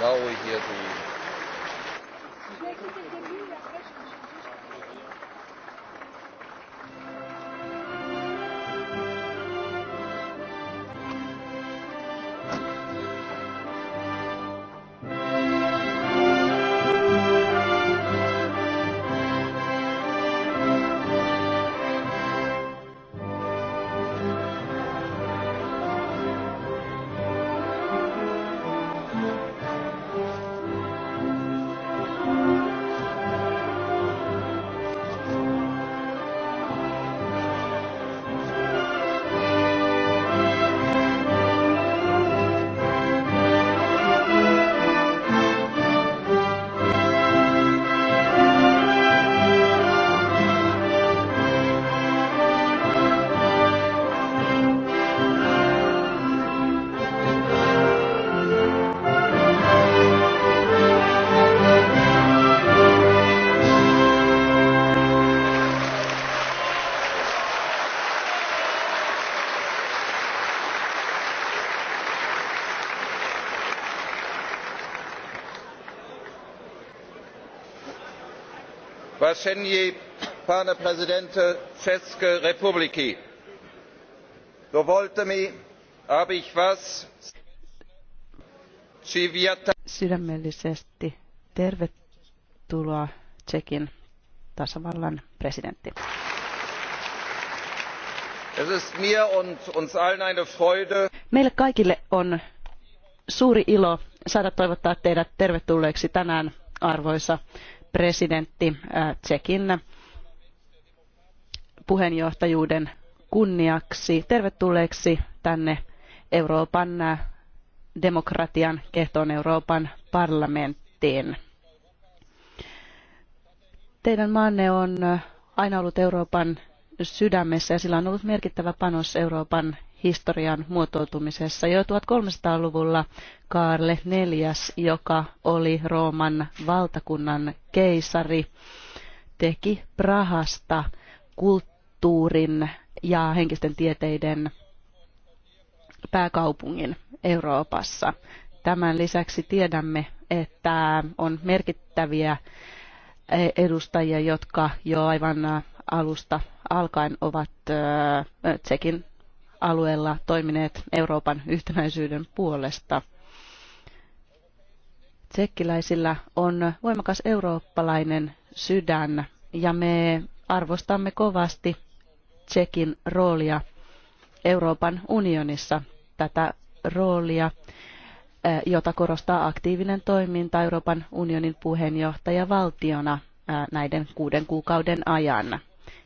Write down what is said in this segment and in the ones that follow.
now we hear the rješenje Pane, prezidente české republiky. dovolte mi abych vás sydämellisesti tervetuloa Tsekin tasavallan presidentti. Es ist mir und uns allen eine Freude. Meille kaikille on suuri ilo saada toivottaa teidät tervetulleeksi tänään, arvoisa presidentti Tsekin puheenjohtajuuden kunniaksi tervetulleeksi tänne Euroopan demokratian kehtoon Euroopan parlamenttiin. Teidän maanne on aina ollut Euroopan sydämessä ja sillä on ollut merkittävä panos Euroopan historian muotoutumisessa. Jo 1300-luvulla Kaarle IV, joka oli Rooman valtakunnan keisari, teki Prahasta kulttuurin ja henkisten tieteiden pääkaupungin Euroopassa. Tämän lisäksi tiedämme, että on merkittäviä edustajia, jotka jo aivan alusta alkaen ovat Tsekin alueella toimineet Euroopan yhtenäisyyden puolesta. Tsekkiläisillä on voimakas eurooppalainen sydän ja me arvostamme kovasti Tsekin roolia Euroopan unionissa tätä roolia, jota korostaa aktiivinen toiminta Euroopan unionin puheenjohtajavaltiona näiden kuuden kuukauden ajan.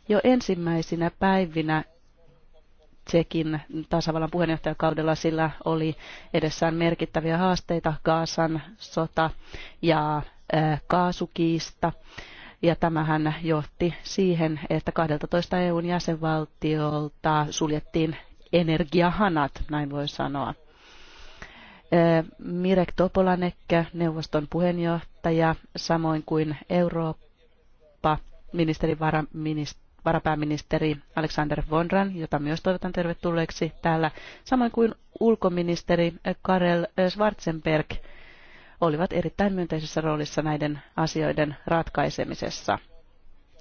Jo ensimmäisinä päivinä Tsekin tasavallan puheenjohtajakaudella sillä oli edessään merkittäviä haasteita, Kaasan sota ja kaasukiista. Ja tämähän johti siihen, että 12 EUn jäsenvaltiolta suljettiin energiahanat, näin voi sanoa. Mirek Topolanek, neuvoston puheenjohtaja, samoin kuin Eurooppa, ministeri, varaministeri, varapääministeri Alexander Vonran, jota myös toivotan tervetulleeksi täällä, samoin kuin ulkoministeri Karel Schwarzenberg olivat erittäin myönteisessä roolissa näiden asioiden ratkaisemisessa.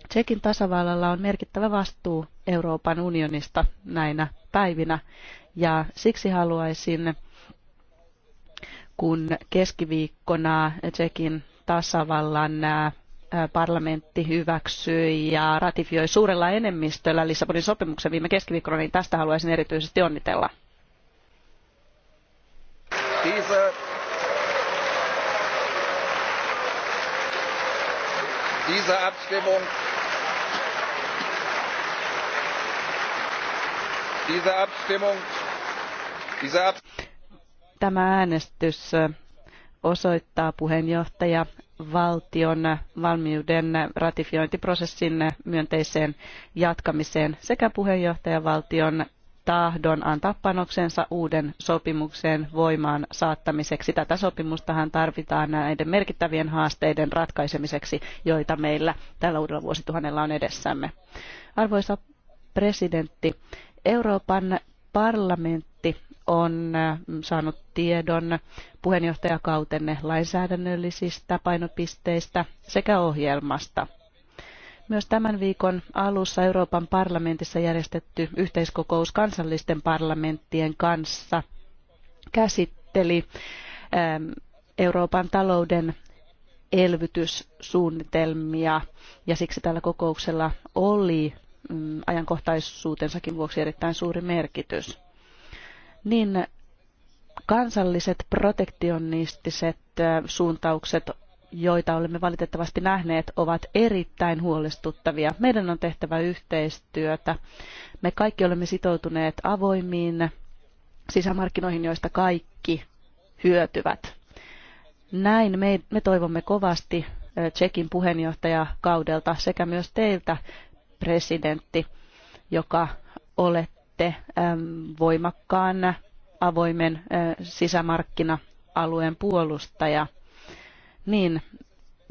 Tsekin tasavallalla on merkittävä vastuu Euroopan unionista näinä päivinä ja siksi haluaisin, kun keskiviikkona Tsekin tasavallan äh, parlamentti hyväksyi ja ratifioi suurella enemmistöllä Lissabonin sopimuksen viime keskiviikkona, niin tästä haluaisin erityisesti onnitella. Diese, diese Abstimmung, diese Abstimmung, diese Abstimmung. Tämä äänestys osoittaa puheenjohtaja valtion valmiuden ratifiointiprosessin myönteiseen jatkamiseen sekä puheenjohtajavaltion tahdon antaa panoksensa uuden sopimuksen voimaan saattamiseksi. Tätä sopimustahan tarvitaan näiden merkittävien haasteiden ratkaisemiseksi, joita meillä tällä uudella vuosituhannella on edessämme. Arvoisa presidentti, Euroopan parlamentti on äh, saanut tiedon puheenjohtajakautenne lainsäädännöllisistä painopisteistä sekä ohjelmasta. Myös tämän viikon alussa Euroopan parlamentissa järjestetty yhteiskokous kansallisten parlamenttien kanssa käsitteli ähm, Euroopan talouden elvytyssuunnitelmia ja siksi tällä kokouksella oli mm, ajankohtaisuutensakin vuoksi erittäin suuri merkitys niin kansalliset protektionistiset suuntaukset, joita olemme valitettavasti nähneet, ovat erittäin huolestuttavia. Meidän on tehtävä yhteistyötä. Me kaikki olemme sitoutuneet avoimiin sisämarkkinoihin, joista kaikki hyötyvät. Näin me, me toivomme kovasti Tsekin puheenjohtajakaudelta sekä myös teiltä, presidentti, joka olette näette ähm, voimakkaan avoimen äh, sisämarkkina-alueen puolustaja. Niin,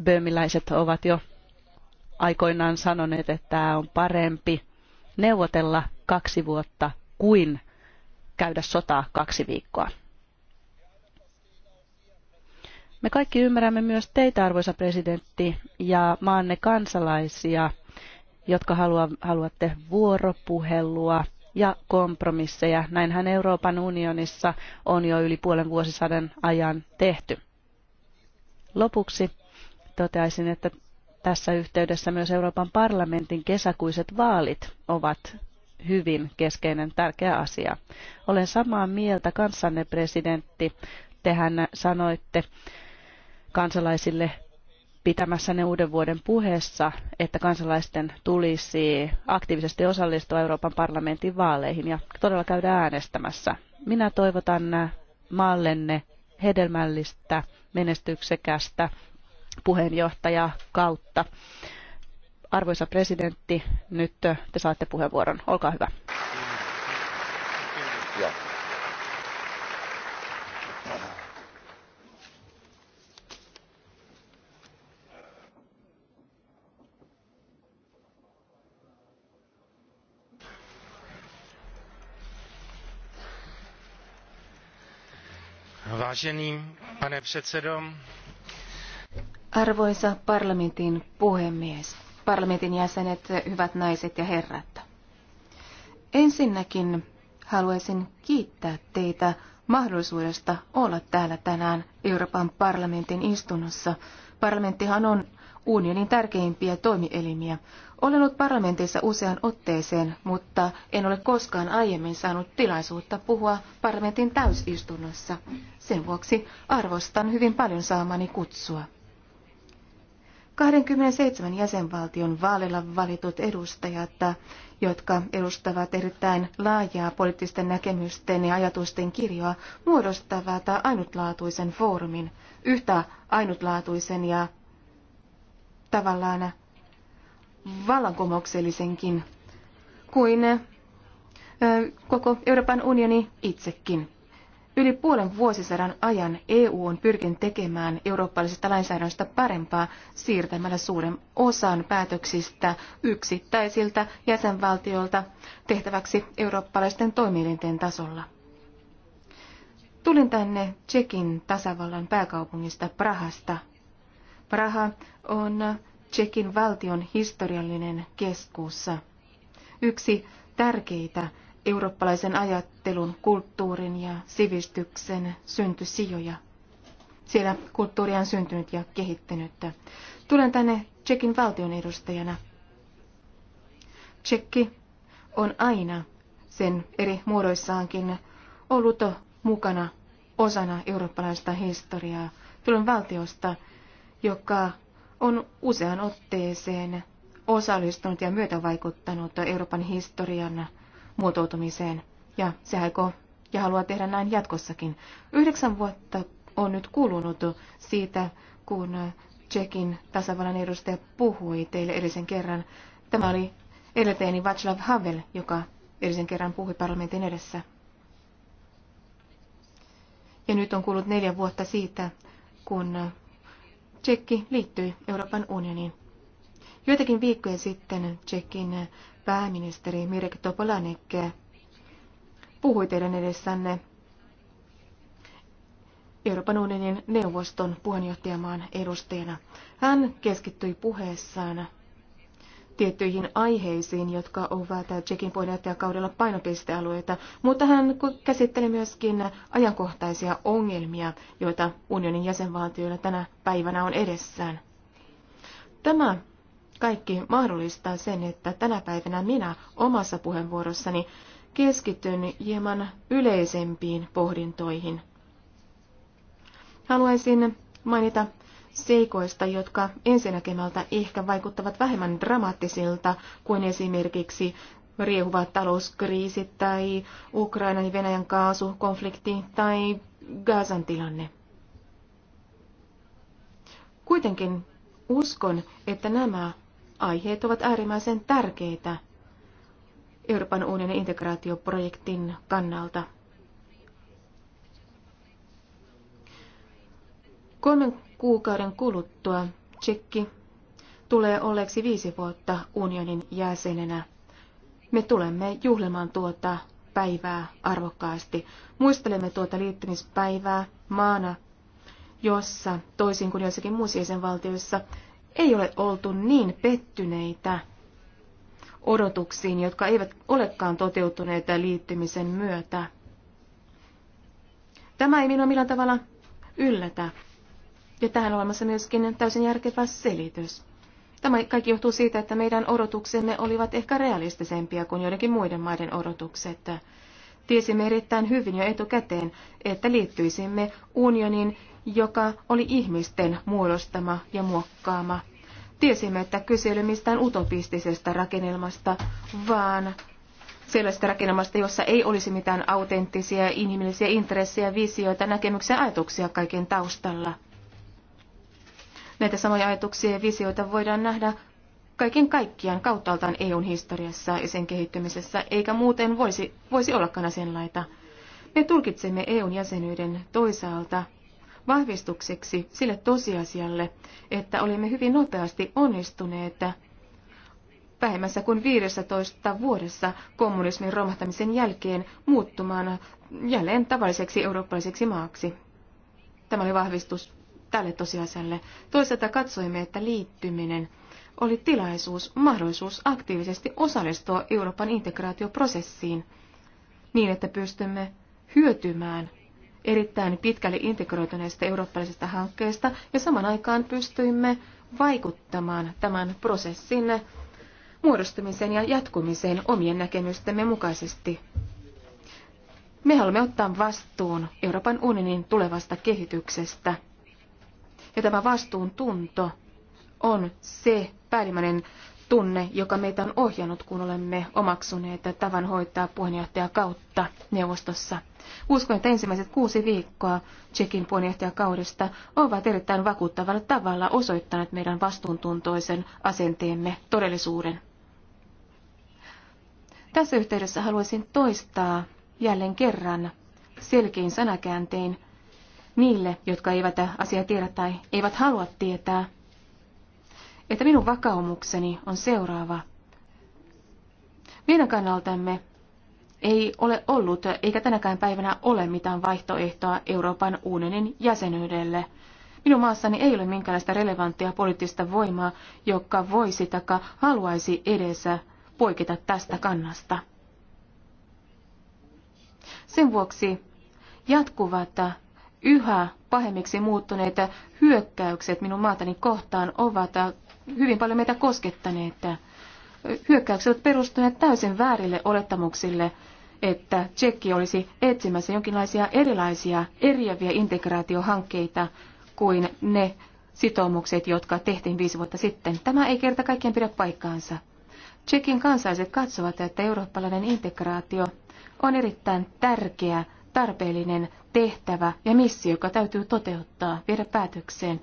böömiläiset ovat jo aikoinaan sanoneet, että on parempi neuvotella kaksi vuotta kuin käydä sotaa kaksi viikkoa. Me kaikki ymmärrämme myös teitä, arvoisa presidentti, ja maanne kansalaisia, jotka haluatte vuoropuhelua ja kompromisseja. Näinhän Euroopan unionissa on jo yli puolen vuosisadan ajan tehty. Lopuksi toteaisin, että tässä yhteydessä myös Euroopan parlamentin kesäkuiset vaalit ovat hyvin keskeinen tärkeä asia. Olen samaa mieltä kanssanne presidentti. Tehän sanoitte kansalaisille pitämässänne uuden vuoden puheessa, että kansalaisten tulisi aktiivisesti osallistua Euroopan parlamentin vaaleihin ja todella käydä äänestämässä. Minä toivotan maallenne hedelmällistä, menestyksekästä puheenjohtajaa kautta. Arvoisa presidentti, nyt te saatte puheenvuoron. Olkaa hyvä. Ja. Vážený pane předsedo. Arvoisa parlamentin puhemies, parlamentin jäsenet, hyvät naiset ja herrat. Ensinnäkin haluaisin kiittää teitä mahdollisuudesta olla täällä tänään Euroopan parlamentin istunnossa. Parlamenttihan on unionin tärkeimpiä toimielimiä. Olen ollut parlamentissa usean otteeseen, mutta en ole koskaan aiemmin saanut tilaisuutta puhua parlamentin täysistunnossa. Sen vuoksi arvostan hyvin paljon saamani kutsua. 27 jäsenvaltion vaaleilla valitut edustajat, jotka edustavat erittäin laajaa poliittisten näkemysten ja ajatusten kirjoa, muodostavat ainutlaatuisen foorumin, yhtä ainutlaatuisen ja tavallaan vallankumouksellisenkin kuin koko Euroopan unioni itsekin. Yli puolen vuosisadan ajan EU on pyrkinyt tekemään eurooppalaisesta lainsäädännöstä parempaa siirtämällä suuren osan päätöksistä yksittäisiltä jäsenvaltioilta tehtäväksi eurooppalaisten toimielinten tasolla. Tulin tänne Tsekin tasavallan pääkaupungista Prahasta Praha on Tsekin valtion historiallinen keskus. Yksi tärkeitä eurooppalaisen ajattelun, kulttuurin ja sivistyksen syntysijoja. Siellä kulttuuri on syntynyt ja kehittynyt. Tulen tänne Tsekin valtion edustajana. Tsekki on aina sen eri muodoissaankin ollut mukana osana eurooppalaista historiaa. Tulen valtiosta, joka on usean otteeseen osallistunut ja myötävaikuttanut Euroopan historian muotoutumiseen. Ja se aikoo ja haluaa tehdä näin jatkossakin. Yhdeksän vuotta on nyt kulunut siitä, kun Tsekin tasavallan edustaja puhui teille edellisen kerran. Tämä oli edeltäjäni Václav Havel, joka edellisen kerran puhui parlamentin edessä. Ja nyt on kulunut neljä vuotta siitä, kun Tsekki liittyi Euroopan unioniin. Joitakin viikkoja sitten Tsekin pääministeri Mirek Topolanek puhui teidän edessänne Euroopan unionin neuvoston puheenjohtajamaan edustajana. Hän keskittyi puheessaan tiettyihin aiheisiin, jotka ovat Tsekin kaudella painopistealueita, mutta hän käsitteli myöskin ajankohtaisia ongelmia, joita unionin jäsenvaltioilla tänä päivänä on edessään. Tämä kaikki mahdollistaa sen, että tänä päivänä minä omassa puheenvuorossani keskityn hieman yleisempiin pohdintoihin. Haluaisin mainita seikoista, jotka ensinäkemältä ehkä vaikuttavat vähemmän dramaattisilta kuin esimerkiksi riehuvat talouskriisit tai Ukrainan ja Venäjän kaasukonflikti tai Gazan tilanne. Kuitenkin uskon, että nämä aiheet ovat äärimmäisen tärkeitä Euroopan unionin integraatioprojektin kannalta. Kuukauden kuluttua Tsekki tulee olleeksi viisi vuotta unionin jäsenenä. Me tulemme juhlimaan tuota päivää arvokkaasti. Muistelemme tuota liittymispäivää maana, jossa, toisin kuin joissakin muissa jäsenvaltioissa, ei ole oltu niin pettyneitä odotuksiin, jotka eivät olekaan toteutuneet liittymisen myötä. Tämä ei minua millään tavalla yllätä. Ja tähän on olemassa myöskin täysin järkevä selitys. Tämä kaikki johtuu siitä, että meidän odotuksemme olivat ehkä realistisempia kuin joidenkin muiden maiden odotukset. Tiesimme erittäin hyvin jo etukäteen, että liittyisimme unionin, joka oli ihmisten muodostama ja muokkaama. Tiesimme, että kyse ei mistään utopistisesta rakennelmasta, vaan sellaisesta rakennelmasta, jossa ei olisi mitään autenttisia inhimillisiä intressejä, visioita, näkemyksiä ja ajatuksia kaiken taustalla – Näitä samoja ajatuksia ja visioita voidaan nähdä kaiken kaikkiaan kauttaaltaan EUn historiassa ja sen kehittymisessä, eikä muuten voisi, voisi ollakaan asianlaita. Me tulkitsemme EUn jäsenyyden toisaalta vahvistukseksi sille tosiasialle, että olimme hyvin nopeasti onnistuneet vähemmässä kuin 15 vuodessa kommunismin romahtamisen jälkeen muuttumaan jälleen tavalliseksi eurooppalaiseksi maaksi. Tämä oli vahvistus tälle tosiasialle. Toisaalta katsoimme, että liittyminen oli tilaisuus, mahdollisuus aktiivisesti osallistua Euroopan integraatioprosessiin niin, että pystymme hyötymään erittäin pitkälle integroituneesta eurooppalaisesta hankkeesta ja saman aikaan pystyimme vaikuttamaan tämän prosessin muodostumiseen ja jatkumiseen omien näkemystemme mukaisesti. Me haluamme ottaa vastuun Euroopan unionin tulevasta kehityksestä – ja tämä vastuuntunto on se päällimmäinen tunne, joka meitä on ohjannut, kun olemme omaksuneet tavan hoitaa puheenjohtaja kautta neuvostossa. Uskon, että ensimmäiset kuusi viikkoa Tsekin puheenjohtajakaudesta ovat erittäin vakuuttavalla tavalla osoittaneet meidän vastuuntuntoisen asenteemme todellisuuden. Tässä yhteydessä haluaisin toistaa jälleen kerran selkein sanakääntein niille, jotka eivät asiaa tiedä tai eivät halua tietää, että minun vakaumukseni on seuraava. Meidän kannaltamme ei ole ollut eikä tänäkään päivänä ole mitään vaihtoehtoa Euroopan unionin jäsenyydelle. Minun maassani ei ole minkäänlaista relevanttia poliittista voimaa, joka voisi taka haluaisi edessä poiketa tästä kannasta. Sen vuoksi jatkuvat yhä pahemmiksi muuttuneet hyökkäykset minun maatani kohtaan ovat hyvin paljon meitä koskettaneet. Hyökkäykset ovat perustuneet täysin väärille olettamuksille, että Tsekki olisi etsimässä jonkinlaisia erilaisia eriäviä integraatiohankkeita kuin ne sitoumukset, jotka tehtiin viisi vuotta sitten. Tämä ei kerta kaikkien pidä paikkaansa. Tsekin kansalaiset katsovat, että eurooppalainen integraatio on erittäin tärkeä, tarpeellinen tehtävä ja missio, joka täytyy toteuttaa, viedä päätökseen.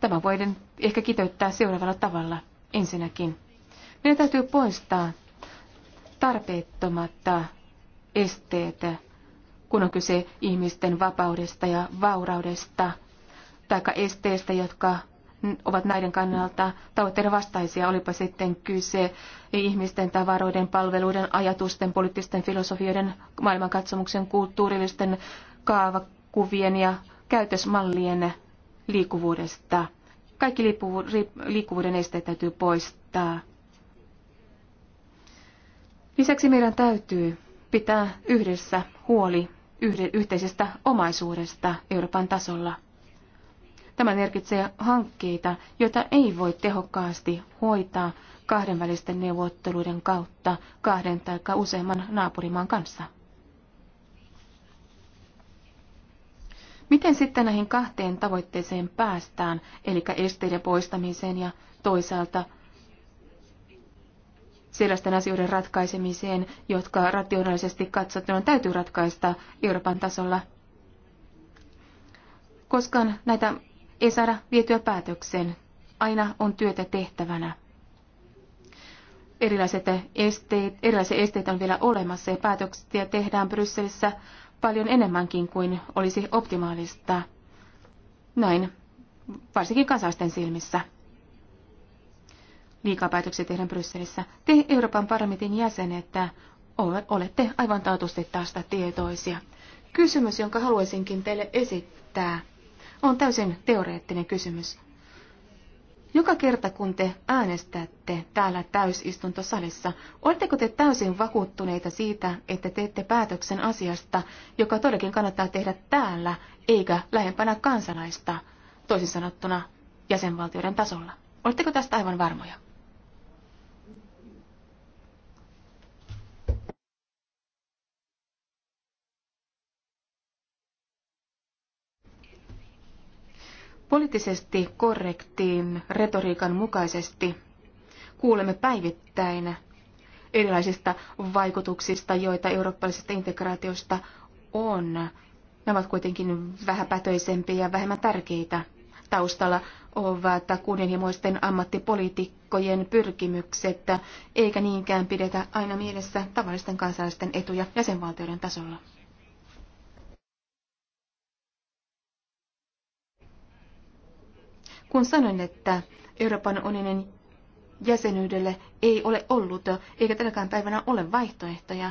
Tämä voidaan ehkä kiteyttää seuraavalla tavalla. Ensinnäkin, meidän täytyy poistaa tarpeettomat esteet, kun on kyse ihmisten vapaudesta ja vauraudesta, tai esteistä, jotka ovat näiden kannalta tavoitteiden vastaisia, olipa sitten kyse ihmisten, tavaroiden, palveluiden, ajatusten, poliittisten filosofioiden, maailmankatsomuksen, kulttuurillisten kaavakuvien ja käytösmallien liikkuvuudesta. Kaikki liikkuvuuden esteet täytyy poistaa. Lisäksi meidän täytyy pitää yhdessä huoli yhteisestä omaisuudesta Euroopan tasolla. Tämä merkitsee hankkeita, joita ei voi tehokkaasti hoitaa kahdenvälisten neuvotteluiden kautta kahden tai useamman naapurimaan kanssa. Miten sitten näihin kahteen tavoitteeseen päästään, eli esteiden poistamiseen ja toisaalta sellaisten asioiden ratkaisemiseen, jotka rationaalisesti katsottuna täytyy ratkaista Euroopan tasolla? koska näitä ei saada vietyä päätökseen. Aina on työtä tehtävänä. Erilaiset esteet, erilaisia esteitä on vielä olemassa ja päätöksiä tehdään Brysselissä paljon enemmänkin kuin olisi optimaalista. Näin, varsinkin kansalaisten silmissä. Liikaa päätöksiä tehdään Brysselissä. Te Euroopan parlamentin jäsenet olette aivan taatusti tästä tietoisia. Kysymys, jonka haluaisinkin teille esittää on täysin teoreettinen kysymys. Joka kerta kun te äänestätte täällä täysistuntosalissa, oletteko te täysin vakuuttuneita siitä, että teette päätöksen asiasta, joka todellakin kannattaa tehdä täällä, eikä lähempänä kansalaista, toisin sanottuna jäsenvaltioiden tasolla? Oletteko tästä aivan varmoja? Poliittisesti korrektiin retoriikan mukaisesti kuulemme päivittäin erilaisista vaikutuksista, joita eurooppalaisesta integraatiosta on. Ne ovat kuitenkin vähäpätöisempiä ja vähemmän tärkeitä. Taustalla ovat kunnianhimoisten ammattipoliitikkojen pyrkimykset, eikä niinkään pidetä aina mielessä tavallisten kansalaisten etuja jäsenvaltioiden tasolla. Kun sanoin, että Euroopan unionin jäsenyydelle ei ole ollut eikä tänäkään päivänä ole vaihtoehtoja,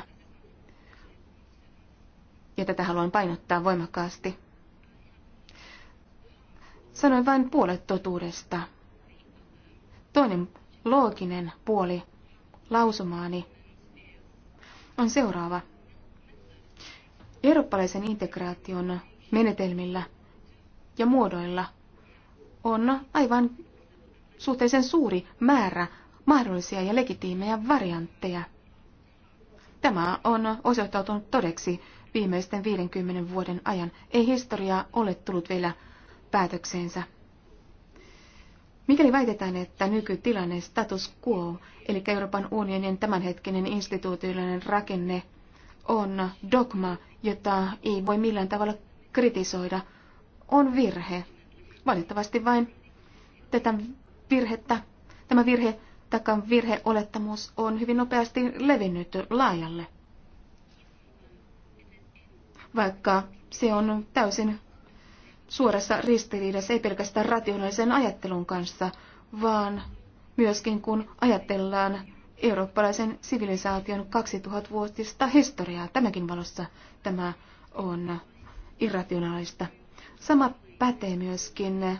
ja tätä haluan painottaa voimakkaasti. Sanoin vain puolet totuudesta. Toinen looginen puoli lausumaani on seuraava. Eurooppalaisen integraation menetelmillä ja muodoilla – on aivan suhteellisen suuri määrä mahdollisia ja legitiimejä variantteja. Tämä on osoittautunut todeksi viimeisten 50 vuoden ajan. Ei historia ole tullut vielä päätökseensä. Mikäli väitetään, että nykytilanne status quo, eli Euroopan unionin tämänhetkinen instituutiollinen rakenne, on dogma, jota ei voi millään tavalla kritisoida, on virhe. Valitettavasti vain tätä virhettä, tämä virhe takan virheolettamus on hyvin nopeasti levinnyt laajalle. Vaikka se on täysin suorassa ristiriidassa ei pelkästään rationaalisen ajattelun kanssa, vaan myöskin kun ajatellaan eurooppalaisen sivilisaation 2000-vuotista historiaa. Tämäkin valossa tämä on irrationaalista. Sama pätee myöskin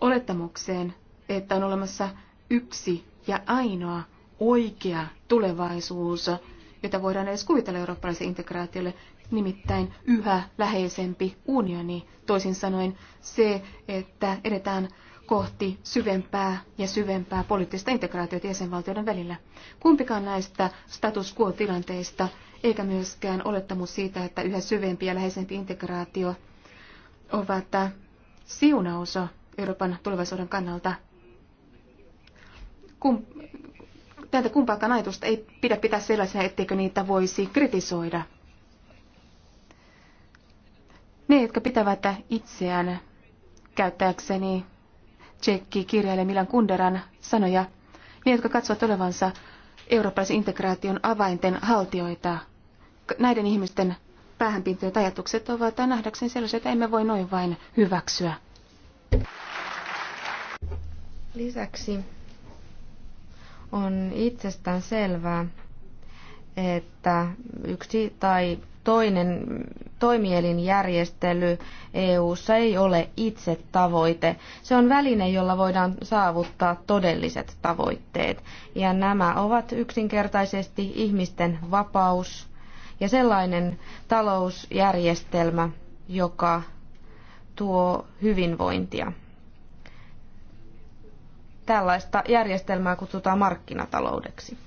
olettamukseen, että on olemassa yksi ja ainoa oikea tulevaisuus, jota voidaan edes kuvitella eurooppalaisen integraatiolle, nimittäin yhä läheisempi unioni. Toisin sanoen se, että edetään kohti syvempää ja syvempää poliittista integraatiota jäsenvaltioiden välillä. Kumpikaan näistä status quo-tilanteista eikä myöskään olettamus siitä, että yhä syvempi ja läheisempi integraatio ovat siunaus Euroopan tulevaisuuden kannalta. Kum, tältä kumpaakaan ajatusta ei pidä pitää sellaisena, etteikö niitä voisi kritisoida. Ne, jotka pitävät itseään käyttääkseni tsekki kirjailija Milan Kunderan sanoja, ne, jotka katsovat olevansa eurooppalaisen integraation avainten haltioita, näiden ihmisten päähänpintojen ajatukset ovat nähdäkseni sellaisia, että emme voi noin vain hyväksyä. Lisäksi on itsestään selvää, että yksi tai toinen toimielinjärjestely EU:ssa ei ole itse tavoite. Se on väline, jolla voidaan saavuttaa todelliset tavoitteet. Ja nämä ovat yksinkertaisesti ihmisten vapaus, ja sellainen talousjärjestelmä, joka tuo hyvinvointia. Tällaista järjestelmää kutsutaan markkinataloudeksi.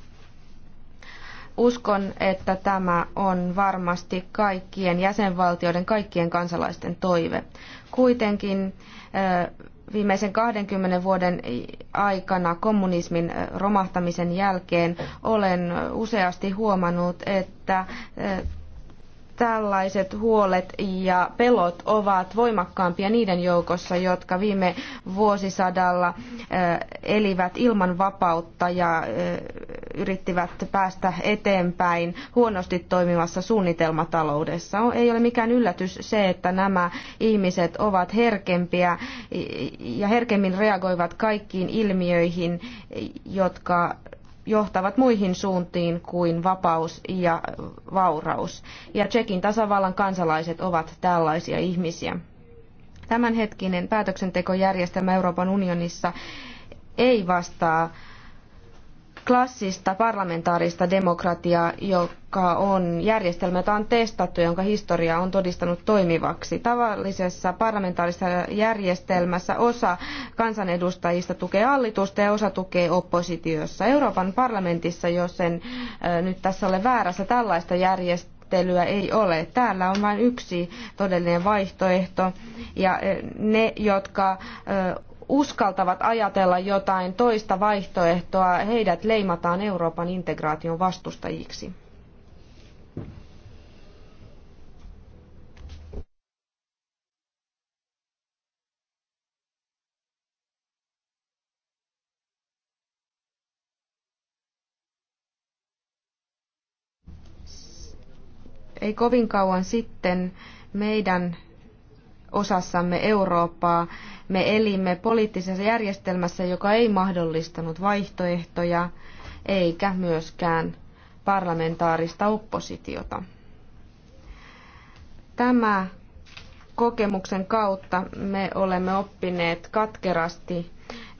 Uskon, että tämä on varmasti kaikkien jäsenvaltioiden, kaikkien kansalaisten toive. Kuitenkin viimeisen 20 vuoden aikana kommunismin eh, romahtamisen jälkeen olen useasti huomannut, että eh, tällaiset huolet ja pelot ovat voimakkaampia niiden joukossa, jotka viime vuosisadalla eh, elivät ilman vapautta ja eh, yrittivät päästä eteenpäin huonosti toimivassa suunnitelmataloudessa. Ei ole mikään yllätys se, että nämä ihmiset ovat herkempiä ja herkemmin reagoivat kaikkiin ilmiöihin, jotka johtavat muihin suuntiin kuin vapaus ja vauraus. Ja Tsekin tasavallan kansalaiset ovat tällaisia ihmisiä. Tämänhetkinen päätöksentekojärjestelmä Euroopan unionissa ei vastaa klassista parlamentaarista demokratiaa, joka on järjestelmä, jota on testattu, jonka historia on todistanut toimivaksi. Tavallisessa parlamentaarisessa järjestelmässä osa kansanedustajista tukee hallitusta ja osa tukee oppositiossa. Euroopan parlamentissa, jos en nyt tässä ole väärässä, tällaista järjestelmää ei ole. Täällä on vain yksi todellinen vaihtoehto ja ne, jotka uskaltavat ajatella jotain toista vaihtoehtoa, heidät leimataan Euroopan integraation vastustajiksi. Ei kovin kauan sitten meidän osassamme Eurooppaa. Me elimme poliittisessa järjestelmässä, joka ei mahdollistanut vaihtoehtoja eikä myöskään parlamentaarista oppositiota. Tämä kokemuksen kautta me olemme oppineet katkerasti,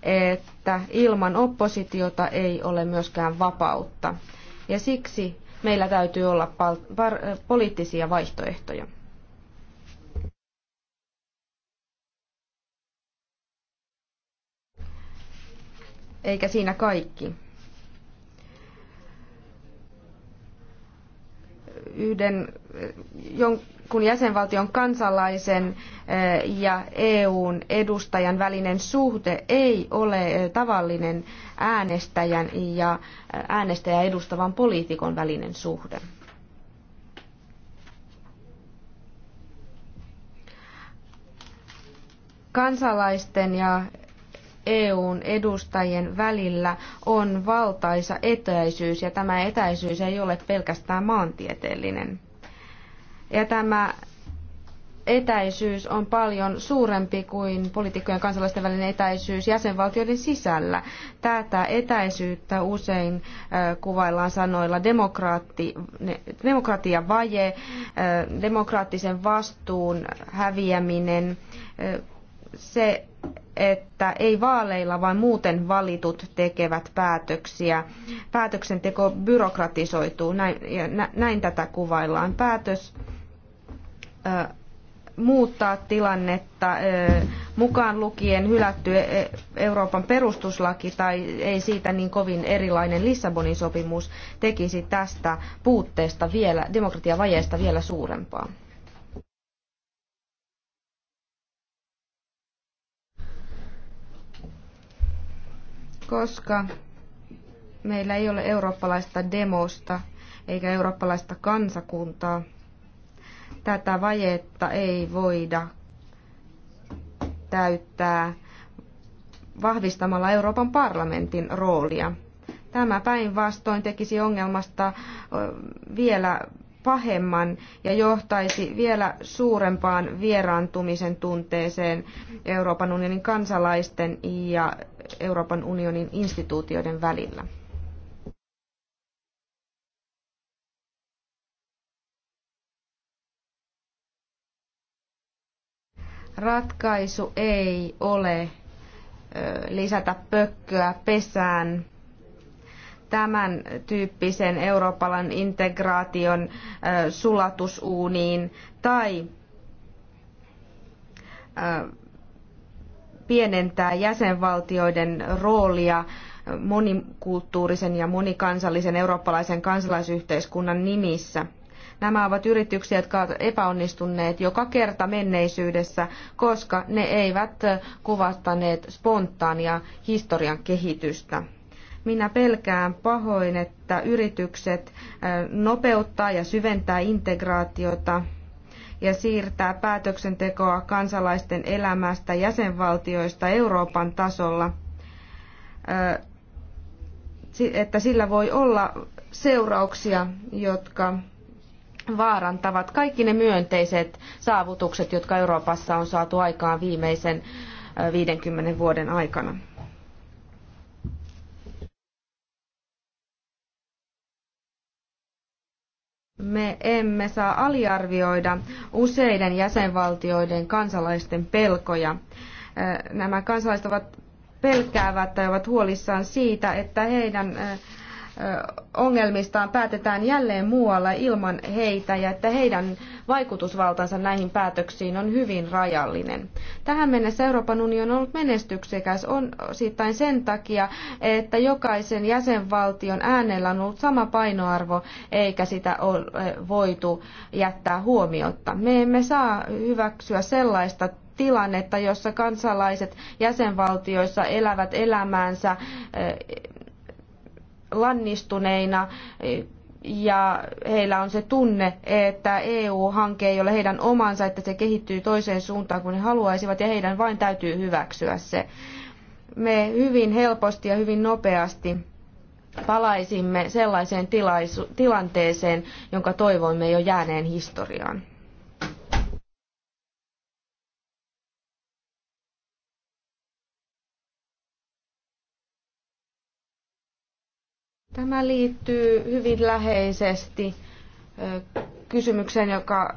että ilman oppositiota ei ole myöskään vapautta. Ja siksi meillä täytyy olla poliittisia vaihtoehtoja. eikä siinä kaikki. Yhden, jonkun jäsenvaltion kansalaisen eh, ja EUn edustajan välinen suhde ei ole eh, tavallinen äänestäjän ja eh, äänestäjä edustavan poliitikon välinen suhde. kansalaisten ja EUn edustajien välillä on valtaisa etäisyys ja tämä etäisyys ei ole pelkästään maantieteellinen. Ja tämä etäisyys on paljon suurempi kuin poliitikkojen kansalaisten välinen etäisyys jäsenvaltioiden sisällä. Tätä etäisyyttä usein kuvaillaan sanoilla demokraatti, demokratiavaje, demokraattisen vastuun häviäminen. Se että ei vaaleilla, vaan muuten valitut tekevät päätöksiä. Päätöksenteko byrokratisoituu, näin, ja näin tätä kuvaillaan. Päätös ö, muuttaa tilannetta ö, mukaan lukien hylätty e-, Euroopan perustuslaki tai ei siitä niin kovin erilainen Lissabonin sopimus tekisi tästä puutteesta vielä, demokratiavajeesta vielä suurempaa. koska meillä ei ole eurooppalaista demosta eikä eurooppalaista kansakuntaa. Tätä vajetta ei voida täyttää vahvistamalla Euroopan parlamentin roolia. Tämä päinvastoin tekisi ongelmasta vielä pahemman ja johtaisi vielä suurempaan vieraantumisen tunteeseen Euroopan unionin kansalaisten ja Euroopan unionin instituutioiden välillä. Ratkaisu ei ole lisätä pökköä pesään tämän tyyppisen Euroopan integraation sulatusuuniin tai pienentää jäsenvaltioiden roolia monikulttuurisen ja monikansallisen eurooppalaisen kansalaisyhteiskunnan nimissä. Nämä ovat yrityksiä, jotka ovat epäonnistuneet joka kerta menneisyydessä, koska ne eivät kuvastaneet spontaania historian kehitystä. Minä pelkään pahoin, että yritykset nopeuttaa ja syventää integraatiota ja siirtää päätöksentekoa kansalaisten elämästä jäsenvaltioista Euroopan tasolla, että sillä voi olla seurauksia, jotka vaarantavat kaikki ne myönteiset saavutukset, jotka Euroopassa on saatu aikaan viimeisen 50 vuoden aikana. me emme saa aliarvioida useiden jäsenvaltioiden kansalaisten pelkoja. Nämä kansalaiset ovat pelkäävät tai ovat huolissaan siitä, että heidän ongelmistaan päätetään jälleen muualla ilman heitä ja että heidän vaikutusvaltansa näihin päätöksiin on hyvin rajallinen. Tähän mennessä Euroopan unioni on ollut menestyksekäs osittain sen takia, että jokaisen jäsenvaltion äänellä on ollut sama painoarvo eikä sitä ole voitu jättää huomiotta. Me emme saa hyväksyä sellaista tilannetta, jossa kansalaiset jäsenvaltioissa elävät elämäänsä lannistuneina ja heillä on se tunne, että EU-hanke ei ole heidän omansa, että se kehittyy toiseen suuntaan kuin he haluaisivat ja heidän vain täytyy hyväksyä se. Me hyvin helposti ja hyvin nopeasti palaisimme sellaiseen tilanteeseen, jonka toivoimme jo jääneen historiaan. Tämä liittyy hyvin läheisesti kysymykseen, joka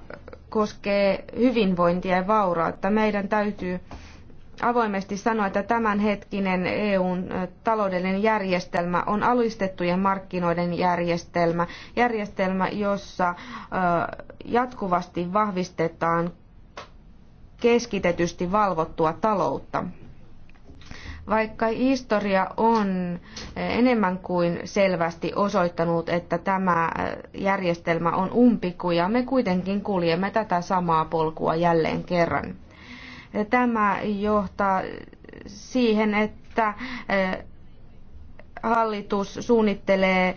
koskee hyvinvointia ja vaurautta. Meidän täytyy avoimesti sanoa, että tämänhetkinen EUn taloudellinen järjestelmä on alistettujen markkinoiden järjestelmä, järjestelmä, jossa jatkuvasti vahvistetaan keskitetysti valvottua taloutta vaikka historia on enemmän kuin selvästi osoittanut, että tämä äh, järjestelmä on umpikuja, me kuitenkin kuljemme tätä samaa polkua jälleen kerran. Tämä johtaa siihen, että äh, hallitus suunnittelee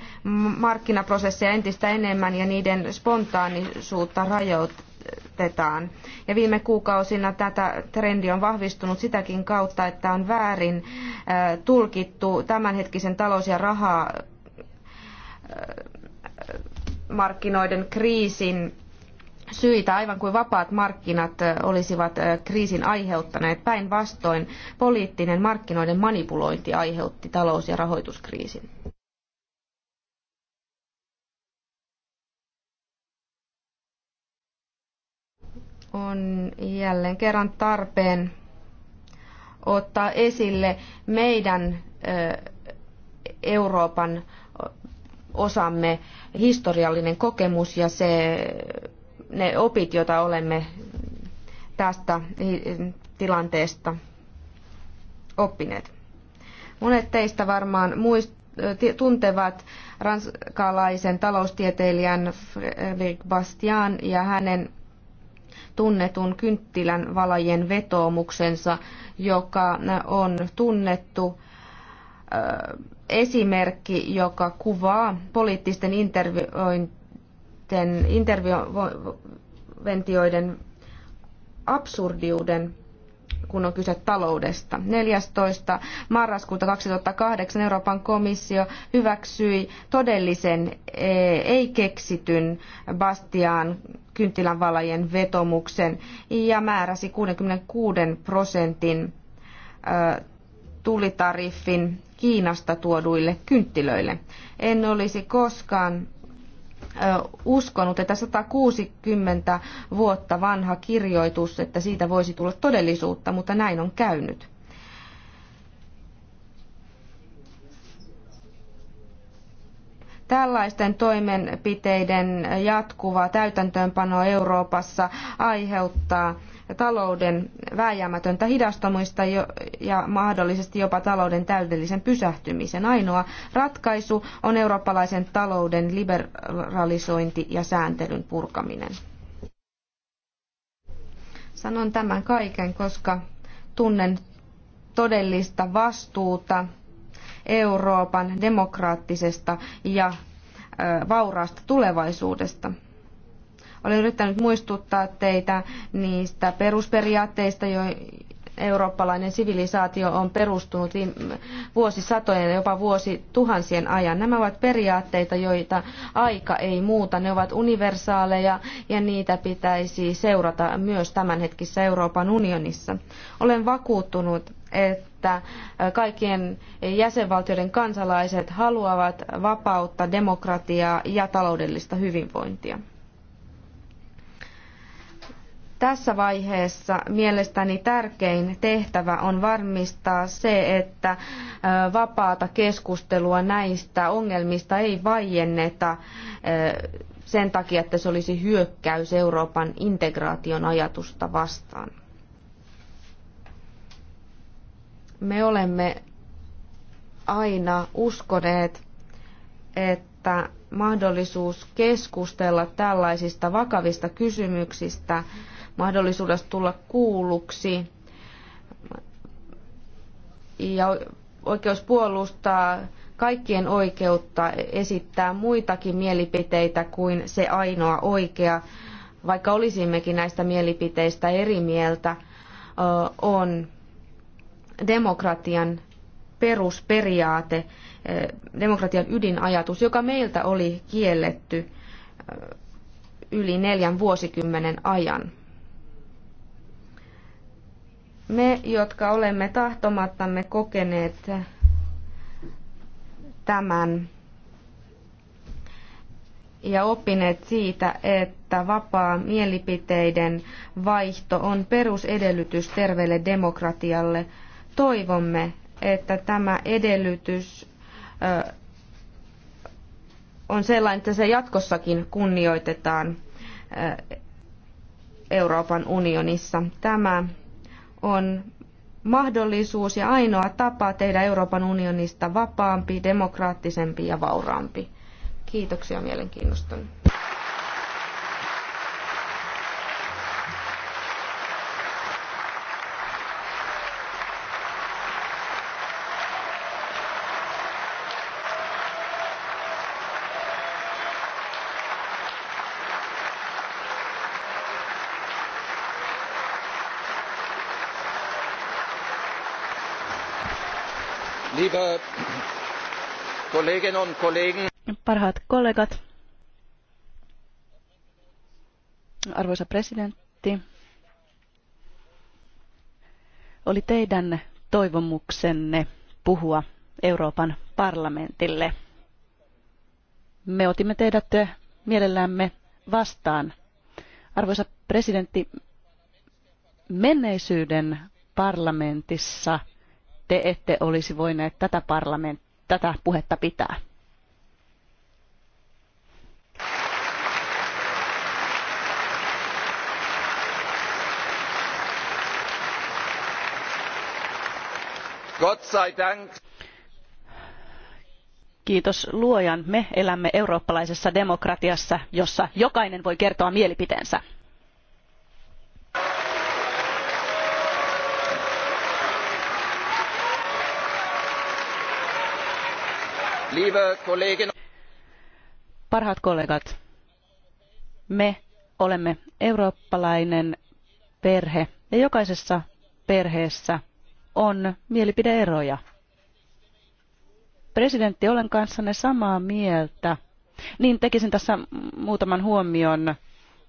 markkinaprosesseja entistä enemmän ja niiden spontaanisuutta rajoittaa rajoitetaan. Ja viime kuukausina tätä trendi on vahvistunut sitäkin kautta, että on väärin tulkittu tämänhetkisen talous- ja rahamarkkinoiden kriisin syitä, aivan kuin vapaat markkinat olisivat kriisin aiheuttaneet. Päinvastoin poliittinen markkinoiden manipulointi aiheutti talous- ja rahoituskriisin. on jälleen kerran tarpeen ottaa esille meidän Euroopan osamme historiallinen kokemus ja se, ne opit, joita olemme tästä tilanteesta oppineet. Monet teistä varmaan muist- tuntevat ranskalaisen taloustieteilijän Frédéric Bastian ja hänen tunnetun kynttilän valajien vetoomuksensa, joka on tunnettu esimerkki, joka kuvaa poliittisten interviointien, interviointioiden absurdiuden kun on kyse taloudesta. 14. marraskuuta 2008 Euroopan komissio hyväksyi todellisen e, ei-keksityn Bastiaan kynttilän valajien vetomuksen ja määräsi 66 prosentin tulitariffin Kiinasta tuoduille kynttilöille. En olisi koskaan uskonut, että 160 vuotta vanha kirjoitus, että siitä voisi tulla todellisuutta, mutta näin on käynyt. Tällaisten toimenpiteiden jatkuva täytäntöönpano Euroopassa aiheuttaa talouden vääjäämätöntä hidastamista ja mahdollisesti jopa talouden täydellisen pysähtymisen. Ainoa ratkaisu on eurooppalaisen talouden liberalisointi ja sääntelyn purkaminen. Sanon tämän kaiken, koska tunnen todellista vastuuta Euroopan demokraattisesta ja vauraasta tulevaisuudesta. Olen yrittänyt muistuttaa teitä niistä perusperiaatteista, joihin eurooppalainen sivilisaatio on perustunut vuosisatojen ja jopa vuosituhansien ajan. Nämä ovat periaatteita, joita aika ei muuta. Ne ovat universaaleja ja niitä pitäisi seurata myös tämänhetkisessä Euroopan unionissa. Olen vakuuttunut, että kaikkien jäsenvaltioiden kansalaiset haluavat vapautta, demokratiaa ja taloudellista hyvinvointia. Tässä vaiheessa mielestäni tärkein tehtävä on varmistaa se, että vapaata keskustelua näistä ongelmista ei vaienneta sen takia, että se olisi hyökkäys Euroopan integraation ajatusta vastaan. Me olemme aina uskoneet, että mahdollisuus keskustella tällaisista vakavista kysymyksistä mahdollisuudesta tulla kuulluksi ja oikeus puolustaa kaikkien oikeutta esittää muitakin mielipiteitä kuin se ainoa oikea, vaikka olisimmekin näistä mielipiteistä eri mieltä, on demokratian perusperiaate, demokratian ydinajatus, joka meiltä oli kielletty yli neljän vuosikymmenen ajan. Me, jotka olemme tahtomattamme kokeneet tämän ja oppineet siitä, että vapaa mielipiteiden vaihto on perusedellytys terveelle demokratialle. Toivomme, että tämä edellytys on sellainen, että se jatkossakin kunnioitetaan Euroopan unionissa. Tämä on mahdollisuus ja ainoa tapa tehdä Euroopan unionista vapaampi, demokraattisempi ja vauraampi. Kiitoksia mielenkiinnosta. Parhaat kollegat, arvoisa presidentti, oli teidän toivomuksenne puhua Euroopan parlamentille. Me otimme teidät mielellämme vastaan. Arvoisa presidentti, menneisyyden parlamentissa – te ette olisi voineet tätä, parlament, tätä puhetta pitää? Gott sei Dank. Kiitos luojan, me elämme eurooppalaisessa demokratiassa, jossa jokainen voi kertoa mielipiteensä. Parhaat kollegat, me olemme eurooppalainen perhe ja jokaisessa perheessä on mielipideeroja. Presidentti, olen kanssanne samaa mieltä. Niin tekisin tässä muutaman huomion,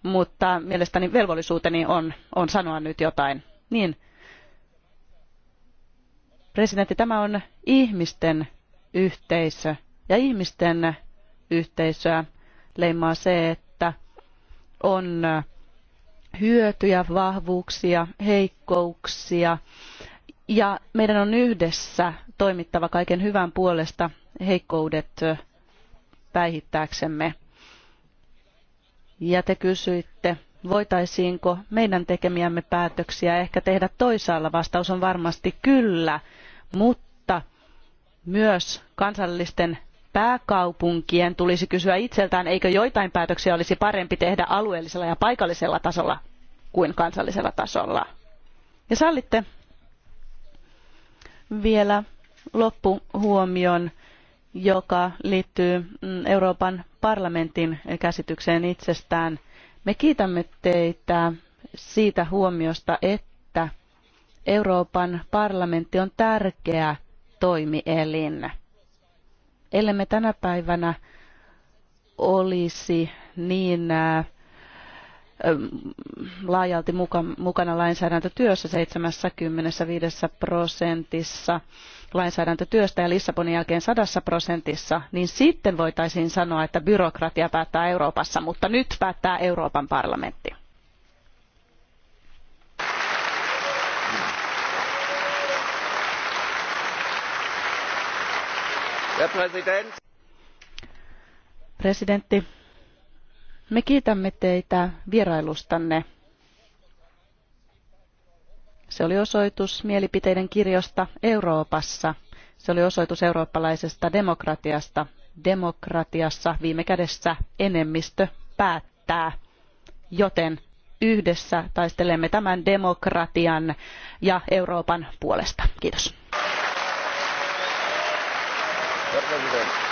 mutta mielestäni velvollisuuteni on, on sanoa nyt jotain. Niin, presidentti, tämä on ihmisten yhteisö ja ihmisten yhteisöä leimaa se, että on hyötyjä, vahvuuksia, heikkouksia ja meidän on yhdessä toimittava kaiken hyvän puolesta heikkoudet päihittääksemme. Ja te kysyitte, voitaisiinko meidän tekemiämme päätöksiä ehkä tehdä toisaalla? Vastaus on varmasti kyllä, mutta myös kansallisten pääkaupunkien tulisi kysyä itseltään, eikö joitain päätöksiä olisi parempi tehdä alueellisella ja paikallisella tasolla kuin kansallisella tasolla. Ja sallitte vielä loppuhuomion, joka liittyy mm, Euroopan parlamentin käsitykseen itsestään. Me kiitämme teitä siitä huomiosta, että Euroopan parlamentti on tärkeä toimielin. Ellemme tänä päivänä olisi niin äh, laajalti mukana lainsäädäntötyössä 75 prosentissa lainsäädäntötyöstä ja Lissabonin jälkeen 100 prosentissa, niin sitten voitaisiin sanoa, että byrokratia päättää Euroopassa, mutta nyt päättää Euroopan parlamentti. President. Presidentti, me kiitämme teitä vierailustanne. Se oli osoitus mielipiteiden kirjosta Euroopassa. Se oli osoitus eurooppalaisesta demokratiasta. Demokratiassa viime kädessä enemmistö päättää. Joten yhdessä taistelemme tämän demokratian ja Euroopan puolesta. Kiitos herr präsident!